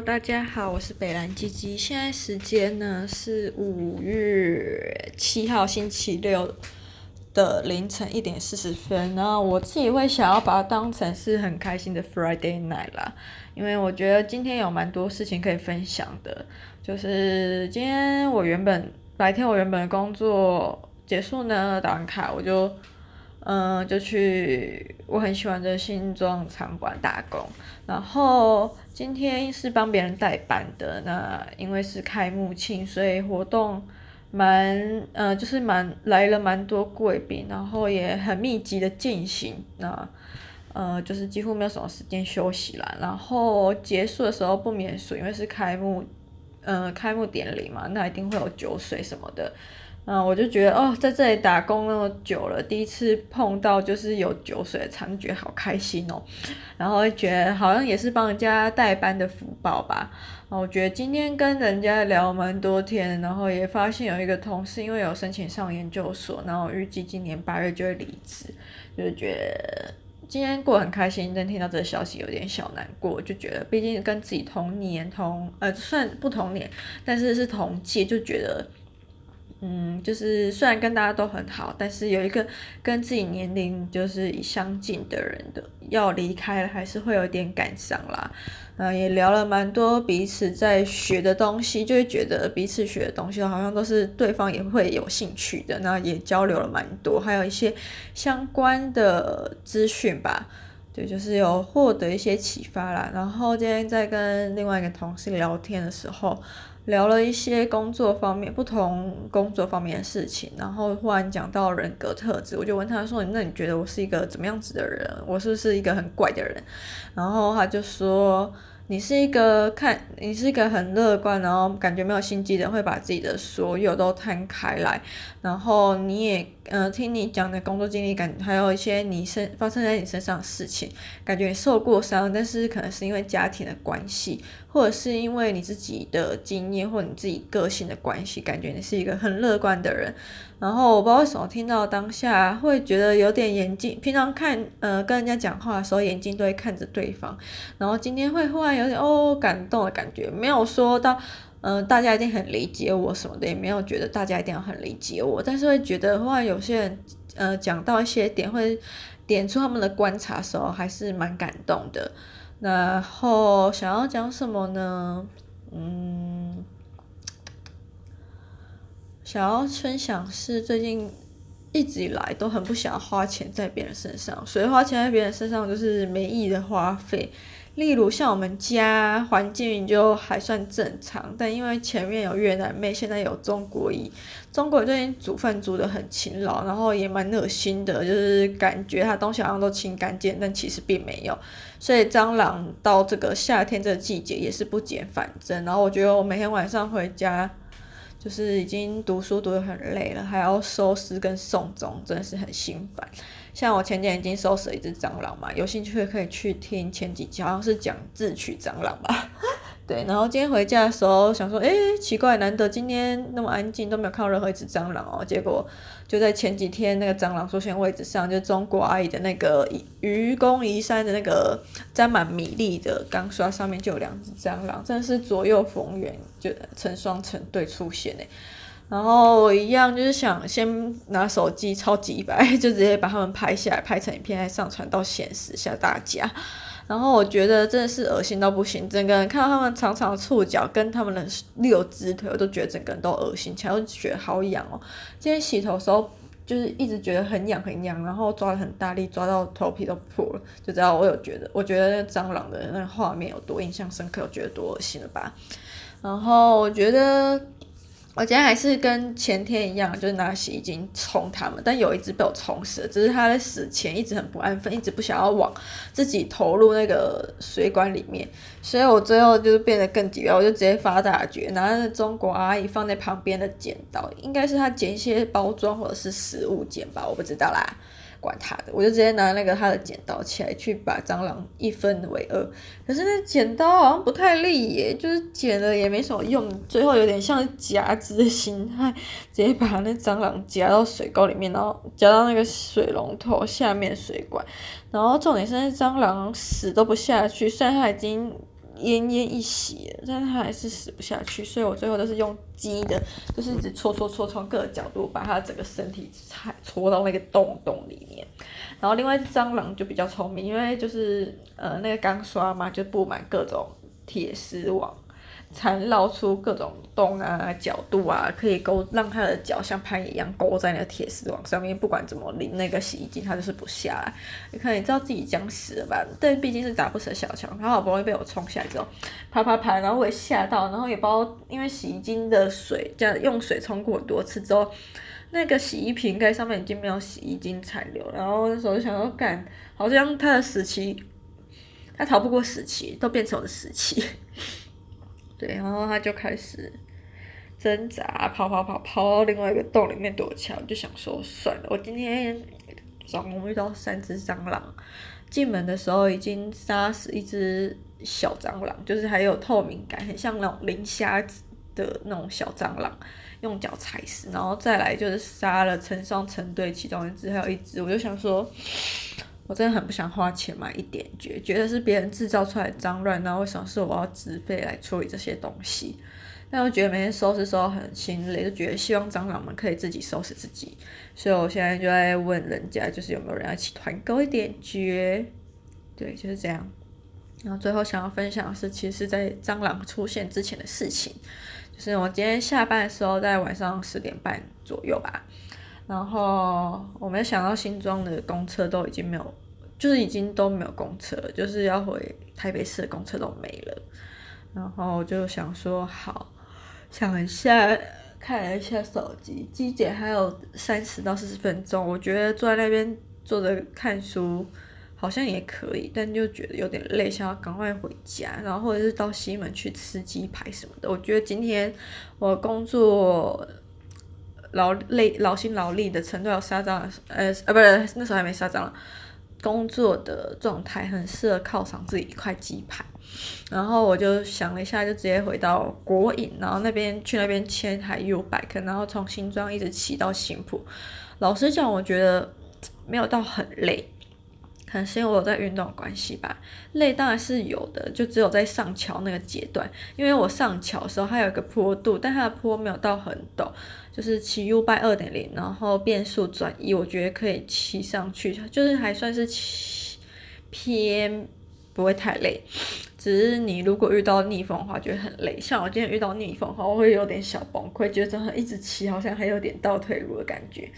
大家好，我是北藍雞雞。現在時間呢是五月七號星期六的凌晨一點四十分，然後我自己會想要把它當成是很開心的 Friday night 啦，因為我覺得今天有蠻多事情可以分享的。就是今天我原本白天我原本的工作結束呢，打完卡我就。嗯，就去我很喜歡的新莊場館打工。然後今天是幫別人代班的，那因為是開幕慶，所以活動蠻，呃，就是蠻來了蠻多貴賓，然後也很密集的進行，那呃就是幾乎沒有什麼時間休息啦。然後結束的時候不免俗，因為是開幕，呃，開幕典禮嘛，那一定會有酒水什麼的。啊，我就覺得哦，在這裡打工那麼久了，第一次碰到就是有酒水的場景，好開心哦。然後就覺得好像也是幫人家代班的福報吧。然後我覺得今天跟人家聊蠻多天，然後也發現有一個同事因為有申請上研究所，然後預計今年八月就會離職。就是覺得今天過很開心，但聽到這個消息有點小難過，就覺得畢竟跟自己同年同呃算不同年，但是是同屆，就覺得。嗯，就是雖然跟大家都很好，但是有一個跟自己年齡就是相近的人的要離開了，還是會有點感傷啦。嗯，也聊了蠻多彼此在學的東西，就會覺得彼此學的東西好像都是對方也會有興趣的。那也交流了蠻多，還有一些相關的資訊吧。對，就是有獲得一些啟發啦。然後今天在跟另外一個同事聊天的時候。聊了一些工作方面、不同工作方面的事情，然後忽然講到人格特質，我就問他說：“那你覺得我是一個怎麼樣子的人？我是不是一個很怪的人？”然後他就說。你是一個看你是一個很樂觀，然後感覺沒有心機的，會把自己的所有都攤開來。然後你也，嗯、呃，聽你講的工作經歷，感還有一些你身發生在你身上的事情，感覺你受過傷，但是可能是因為家庭的關係，或者是因為你自己的經驗或者你自己個性的關係，感覺你是一個很樂觀的人。然後我不知道為什麼聽到當下會覺得有點眼睛，平常看，呃，跟人家講話的時候眼睛都會看着對方，然後今天會忽有點哦，感動的感覺，沒有說到，嗯、呃，大家一定很理解我什麼的，也沒有覺得大家一定要很理解我，但是會覺得話，有些人，呃，講到一些點，會點出他們的觀察的時候，還是蠻感動的。然後想要講什麼呢？嗯，想要分享是最近。一直以來都很不想花錢在別人身上，所以花錢在別人身上就是沒意義的花費。例如像我們家環境就還算正常，但因為前面有越南妹，現在有中國姨，中國姨最近煮飯煮得很勤勞，然後也蠻熱心的，就是感覺她東西好像都清乾淨，但其實並沒有。所以蟑螂到這個夏天這個季節也是不減反增。然後我覺得我每天晚上回家，就是已經讀書讀得很累了，還要收屍跟送終，真的是很心煩。像我前天已經收拾了一隻蟑螂嘛，有興趣的可以去聽前幾集，好像是講智取蟑螂吧。 對，然後今天回家的時候，想說，誒，奇怪，難得今天那麼安靜，都沒有看到任何一隻蟑螂哦。結果就在前幾天那個蟑螂出現位置上，就中國阿姨的那個愚公移山的那個沾滿米粒的鋼刷上面，就有兩隻蟑螂，真的是左右逢源，就成雙成對出現哎。然後我一樣就是想先拿手機超級白，百，就直接把它們拍下來，拍成影片再上傳到顯示下大家。然後我覺得真的是噁心到不行，整個人看到他們長長的觸角跟他們的六只腿，我都覺得整個人都噁心，而且又覺得好癢哦。今天洗頭的時候，就是一直覺得很癢很癢，然後抓得很大力，抓到頭皮都破了，就知道我有覺得，我覺得那蟑螂的那個畫面有多印象深刻，我覺得多噁心了吧。然後我覺得。我今天還是跟前天一樣，就是拿洗衣精沖它們，但有一隻被我沖死了，只是它在死前一直很不安分，一直不想要往自己投入那個水管裡面，所以我最後就是變得更極端，我就直接發大絕，拿了中國阿姨放在旁邊的剪刀，應該是她剪一些包裝或者是食物剪吧，我不知道啦。管他的，我就直接拿那個他的剪刀起來去把蟑螂一分為二。可是那剪刀好像不太利耶，就是剪了也沒什麼用。最後有點像夾子的形態，直接把那蟑螂夾到水溝裡面，然後夾到那個水龍頭下面水管。然後重點是那蟑螂死都不下去，雖然它已經。奄奄一息，但是它還是死不下去，所以我最後都是用雞的，就是一直戳戳戳，從各個角度把它整個身體擦戳到那個洞洞裡面。然後另外蟑螂就比較聰明，因為就是呃那個鋼刷嘛，就布滿各種鐵絲網。纏繞出各種洞啊、角度啊，可以勾讓他的腳像攀一樣勾在那個鐵絲網上面。不管怎麼淋那個洗衣精，它就是不下來。你看，你知道自己將死了吧？但畢竟是打不死的小強，它好，好不容易被我衝下來之後，啪啪啪，然後我也嚇到，然後也不知道因為洗衣精的水這樣用水衝過很多次之後，那個洗衣瓶蓋上面已經沒有洗衣精殘留。然後那時候就想說，幹，好像它的死期，它逃不過死期，都變成我的死期。對，然後他就開始掙扎，跑跑跑，跑到另外一個洞裡面躲起來。我就想說，算了，我今天總共遇到三隻蟑螂。進門的時候已經殺死一隻小蟑螂，就是還有透明感，很像那種磷蝦的那種小蟑螂，用腳踩死。然後再來就是殺了成雙成對，其中一隻還有一隻，我就想說。我真的很不想花錢買一點絕，覺得是別人製造出來髒亂，那為什麼是我要自費來處理這些東西？但我覺得每天收拾的時候很心累，就覺得希望蟑螂們可以自己收拾自己。所以我現在就在問人家，就是有沒有人一起團購一點絕？對，就是這樣。然後最後想要分享的是，其實，在蟑螂出現之前的事情，就是我今天下班的時候，在晚上十點半左右吧。然後我沒想到新莊的公車都已經沒有，就是已經都沒有公車了，就是要回台北市的公車都沒了。然後我就想說好，想一下，看了一下手機，機捷還有三十到四十分鐘，我覺得坐在那邊坐着看書好像也可以，但就覺得有點累，想要趕快回家，然後或者是到西門去吃雞排什麼的。我覺得今天我工作，勞累勞心勞力的程度要下漲呃呃，不是，那時候還沒下漲了。工作的狀態很適合犒賞自己一塊雞排，然後我就想了一下，就直接回到國營，然後那邊去那邊騎一台 YouBike，然後從新莊一直騎到新埔。老實講，我覺得沒有到很累。可能是因為我有在運動的關係吧，累當然是有的，就只有在上橋那個階段，因為我上橋的時候它有一個坡度，但它的坡沒有到很陡，就是騎 Ubike 二點零，然後變速轉移，我覺得可以騎上去，就是還算是騎，偏不會太累。只是你如果遇到逆風的話，覺得很累。像我今天遇到逆風的話，我會有點小崩潰，覺得真的一直騎好像還有點倒退路的感覺。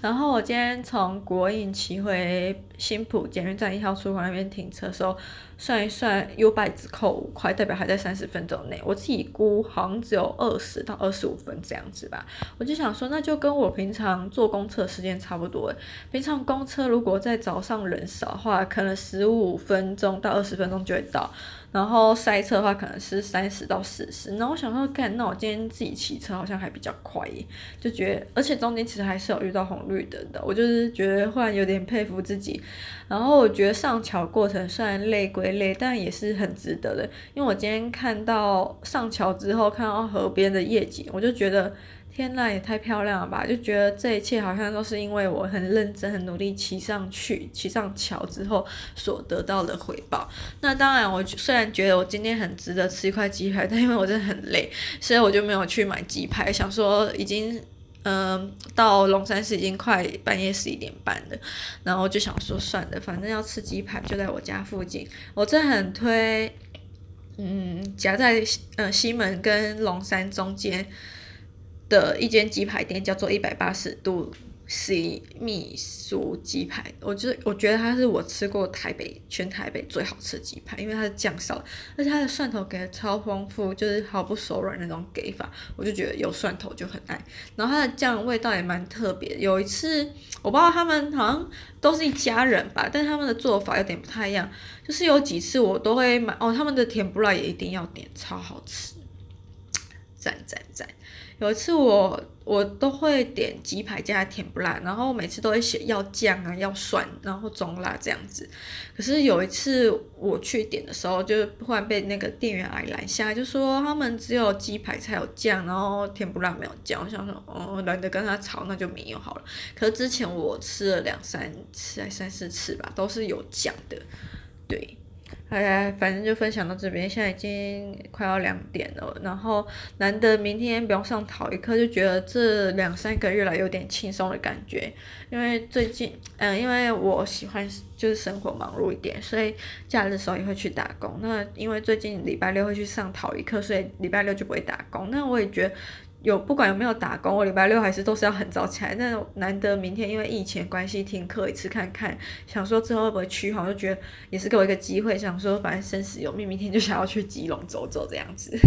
然後我今天從國營騎回新埔捷運站一號出口那邊停車的時候，算一算，YouBike 只扣五塊，代表還在三十分鐘內。我自己估好像只有二十到二十五分這樣子吧。我就想說，那就跟我平常坐公車時間差不多。平常公車如果在早上人少的話，可能十五分鐘到二十分鐘就會到。然後塞車的話可能是三十到四十，然後我想說，幹，那我今天自己騎車好像還比較快耶，就覺得，而且中間其實還是有遇到紅綠燈的，我就是覺得忽然有點佩服自己。然後我覺得上橋過程雖然累歸累，但也是很值得的，因為我今天看到上橋之後，看到河邊的夜景，我就覺得。天吶，也太漂亮了吧！就覺得這一切好像都是因為我很認真、很努力騎上去、騎上橋之後所得到的回報。那當然，我雖然覺得我今天很值得吃一塊雞排，但因為我真的很累，所以我就沒有去買雞排。想說已經，嗯、呃，到龍山寺已經快半夜十一點半了，然後就想說算了，反正要吃雞排就在我家附近。我真的很推，嗯，夾在嗯、呃、西門跟龍山中間。的一間雞排店叫做一百八十度 C 密酥雞排，我就，我覺得，我覺得它是我吃過台北、全台北最好吃的雞排，因為它的醬少，而且它的蒜頭給的超豐富，就是毫不手軟那種給法，我就覺得有蒜頭就很愛。然後它的醬味道也蠻特別。有一次，我爸爸他們好像都是一家人吧，但他們的做法有點不太一樣。就是有幾次我都會買哦，他們的甜不辣也一定要點，超好吃，讚讚。有一次我我都會點雞排加的甜不辣，然後每次都會寫要醬啊要蒜，然後中辣這樣子。可是有一次我去點的時候，就忽然被那個店員來攔下，就說他們只有雞排才有醬，然後甜不辣沒有醬。我想說哦，懶得跟他吵，那就沒有好了。可是之前我吃了兩三次還三四次吧，都是有醬的，對。哎呀，反正就分享到這邊，現在已經快要兩點了。然後難得明天不用上陶藝課，就覺得這兩三個月來有點輕鬆的感覺。因為最近，嗯，因為我喜歡就是生活忙碌一點，所以假日的時候也會去打工。那因為最近禮拜六會去上陶藝課，所以禮拜六就不會打工。那我也覺得。有不管有沒有打工，我禮拜六還是都是要很早起來。那難得明天因為疫情關係停課一次，看看想說之後會不會去，好，我就覺得也是給我一個機會。想說反正生死有命，明天就想要去基隆走走這樣子。